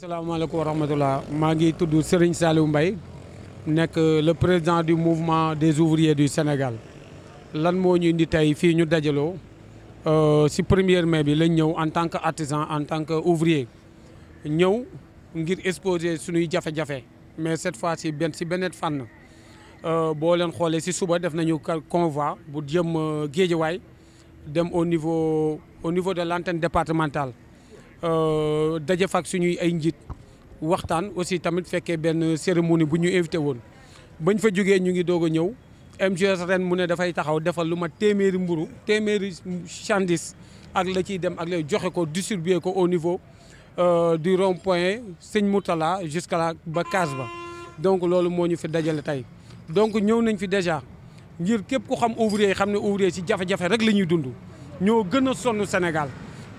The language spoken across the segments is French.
salaamaaleykum wa rahmatulah maa ngi Serigne Saliou Mbaye nekk le président du mouvement des ouvriers du Sénégal lan moo ñu indi tey fii ñu dajaloo euh, si premier mai bi lañ ñëw en tant qu'artisan, en tant qu'ouvrier, ouvrier ñëw ngir exposer suñuy jafe-jafe mais cette fois ci c'est si beneen fan. Euh, boo leen xoolee si suba def nañu convoi bu jëm euh, dem au niveau au niveau de l'antenne départementale. Euh, daje faak suñuy ay njit waxtan aussi tamit fekkee ben cérémonie buñu invité won bañ fa joggé ñu ngi doog ñew MGS ren mu né da fay taxaw defal luma ma mburu téeméeri chandis ak la ci dem ak lay joxé ko distribuer ko au niveau euh, du rond point Seigne Moutala jusqu'à la ba case donc lolu moñu fi dajalé tay donc ñew nañ fi déjà ngir képp ku xam ouvrier xamné xam ouvrier ci jafé jafé rek lañuy ñuy dund ñoo gëna sonu Sénégal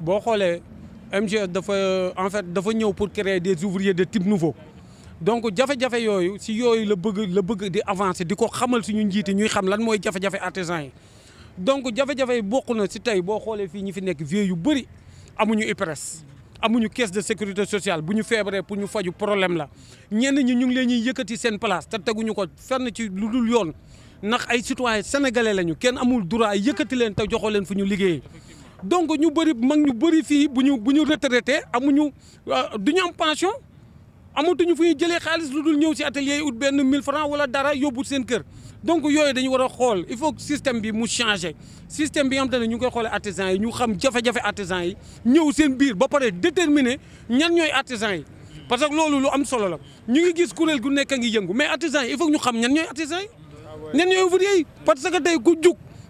boo xoolee MGS dafa en fait dafa ñëw pour créer des ouvriers de type nouveau donc jafe-jafe yooyu si yooyu le bëgg le bëgg di avancer di ko si suñu njiiti ñuy xam lan mooy jafe-jafe artisan. donc jafe-jafe yi bokk na si tey boo xoolee fii ñi fi nekk vieux yu bëri amuñu IPRES amuñu caisse de sécurité sociale bu ñu feebaree pour ñu faju problème la ñenn ñi ñu ngi leen ñuy yëkkati seen place te teguñu ko fenn ci lu dul yoon ndax ay citoyens sénégalais lañu kenn amul droit yëkkati len te joxoo leen fu ñu donc ñu bëri mag ñu bëri fi retraite nous retraité amuñu euh, du pension nous fu ñuy jëlee xaalis ñëw ci atelier yi ut 1000 francs wala dara yobut seen kër donc yoy dañu wara xol il faut que système bi mu changer. système bi ñu koy artisans yi ñu xam nous jafé artisans yi ñëw seen biir ba paré déterminer ñan artisans yi parce que lolu lu am solo la ñu ngi gis kurel gu nekk mais il faut ñu xam ñan artisans yi ah ñan ñoy parce que ku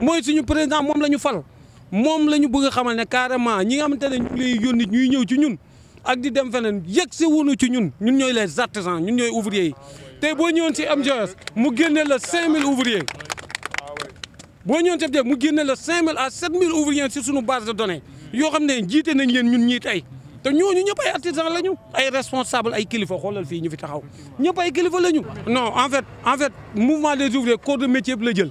moy suñu président mom lañu fal mom lañu bëgg xamal né carrément ñi nga xamante ne ñu lay yónni ñuy ñëw ci ñun ak di dem fenen yexé si wuñu ci ñun ñun ñoy les artisans ñun ñoy ouvriers té bo ñëwon ci si MGS mu génne la 5000 ouvriers bo ñëwon ci mu génne la 5000 à 7000 ouvriers si suñu base de données yo xamné jité jiite nañ leen ñun ñii tey te ñooñu ñëpp ay artisans lañu ay responsables ay kilifa xolal fi ñu fi taxaw ñëpp ay kilifa lañu. non en fait en fait mouvement des ouvriers corps de métier bi la jël.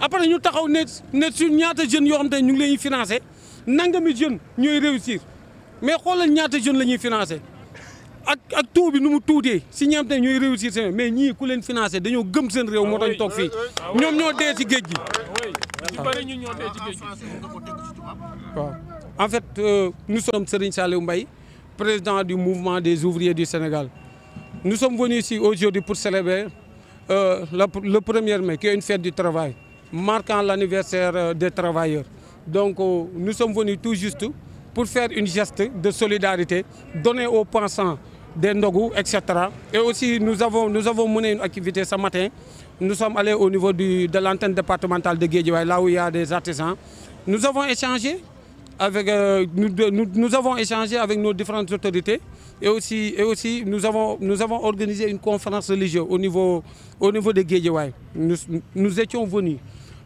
après nous avons des ne sur ñaata jeunes yoo xam ñu ngi leen financé nangami jeunes ñooy réussir mais xoolal ñaata jeunes qui ñuy financé ak ak tout bi nu mu si nous avons réussi, réussir mais nous, ku leen financé dañoo gëm seen réew moo tax ñu toog fii ñoom ñoo avons ci géej gi. en fait euh, nous sommes Serigne Saliou Mbaye président du mouvement des ouvriers du Sénégal nous sommes venus ici aujourd'hui pour célébrer euh, le 1er mai qui est une fête du travail marquant l'anniversaire euh, des travailleurs. Donc euh, nous sommes venus tout juste pour faire une geste de solidarité, donner aux pensants des ndogu, etc. Et aussi nous avons, nous avons mené une activité ce matin. Nous sommes allés au niveau de l'antenne départementale de Guédiouaï, là où il y a des artisans. Nous avons échangé avec, euh, nous, avons échangé avec nos différentes autorités et aussi, et aussi nous, avons, nous avons organisé une conférence religieuse au niveau, au niveau de Guédiouaï. nous étions venus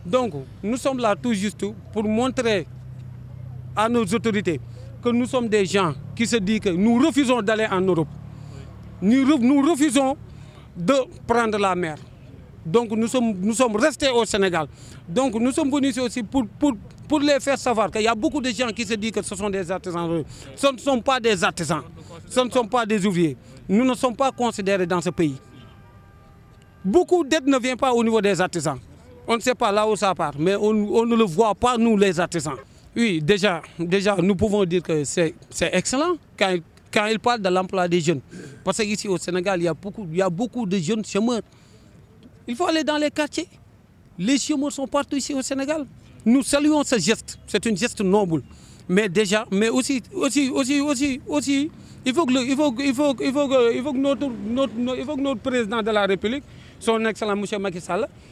donc, nous sommes là tout juste pour montrer à nos autorités que nous sommes des gens qui se disent que nous refusons d'aller en Europe. Nous, refusons de prendre la mer. Donc, nous sommes, nous sommes restés au Sénégal. Donc, nous sommes venus ici aussi pour, pour, pour les faire savoir qu'il y a beaucoup de gens qui se disent que ce sont des artisans. Ce ne sont pas des artisans. Ce ne sont pas des ouvriers. Nous ne sommes pas considérés dans ce pays. Beaucoup d'aide ne vient pas au niveau des artisans. On ne sait pas là où ça part, mais on, ne le voit pas, nous, les artisans. Oui, déjà, déjà nous pouvons dire que c'est excellent quand, il parle de l'emploi des jeunes. Parce qu'ici au Sénégal, il y, a beaucoup, il y a beaucoup de jeunes chômeurs. Il faut aller dans les quartiers. Les chômeurs sont partout ici au Sénégal. Nous saluons ce geste. C'est un geste noble. Mais déjà, mais aussi, aussi, aussi, aussi, aussi il faut que notre président de la République son excellent monsieur Macky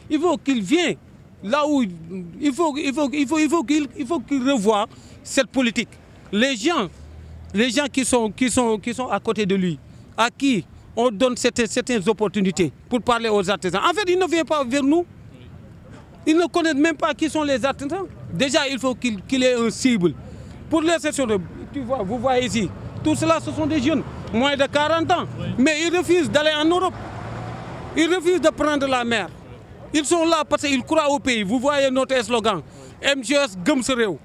il faut qu'il vienne là où il faut il faut il faut il faut qu'il il faut qu'il revoie cette politique. Les gens les gens qui sont qui sont qui sont à côté de lui, à qui on donne certaines, opportunités pour parler aux artisans. En fait, ils ne viennent pas vers nous. Ils ne connaissent même pas qui sont les artisans. Déjà, il faut qu'il ait un cible. Pour les sessions, tu vois, vous voyez ici, tout cela, ce sont des jeunes, moins de 40 ans. Mais ils refusent d'aller en Europe. Ils refusent de prendre la mer. Ils sont là parce qu'ils croient au pays. Vous voyez notre slogan MGS Gumsereo.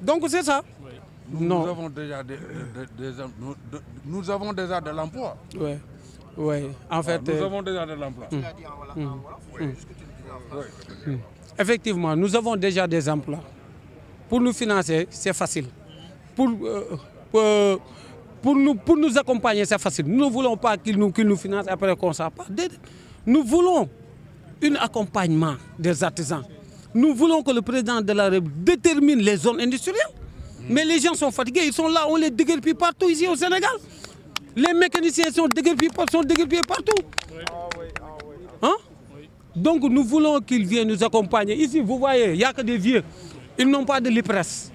Donc c'est ça. Nous, avons déjà de, de, nous, avons déjà de l'emploi. Oui. en ah, fait. nous euh, avons déjà de l'emploi. Effectivement, nous avons déjà des emplois. Pour nous financer, c'est facile. pour euh, euh, pour nous, pour nous accompagner, c'est facile. Nous ne voulons pas qu'ils nous, nous financent après qu'on s'en Nous voulons un accompagnement des artisans. Nous voulons que le président de la République détermine les zones industrielles. Hmm. Mais les gens sont fatigués, ils sont là, on les déguerpille partout ici au Sénégal. Les mécaniciens sont partout sont ah hein? partout. Donc nous voulons qu'ils viennent nous accompagner. Ici, vous voyez, il n'y a que des vieux. Ils n'ont pas de lipresse.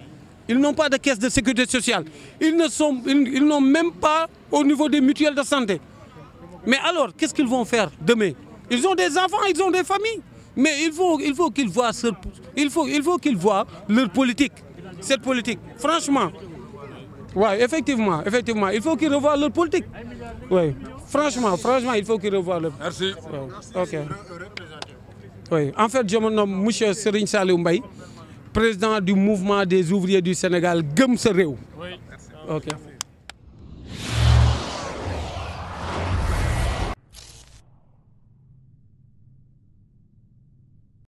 Ils n'ont pas de caisse de sécurité sociale. Ils n'ont ils, même pas au niveau des mutuelles de santé. Mais alors, qu'est-ce qu'ils vont faire demain Ils ont des enfants, ils ont des familles. Mais il faut, il faut qu'ils voient, il faut, il faut voient leur politique, cette politique. Franchement, ouais, effectivement, effectivement, il faut qu'ils revoient leur politique. Ouais. franchement, franchement, il faut qu'ils revoient leur. Merci. en fait, je me nomme M. Serine Salé président du mouvement des ouvriers du Sénégal gëm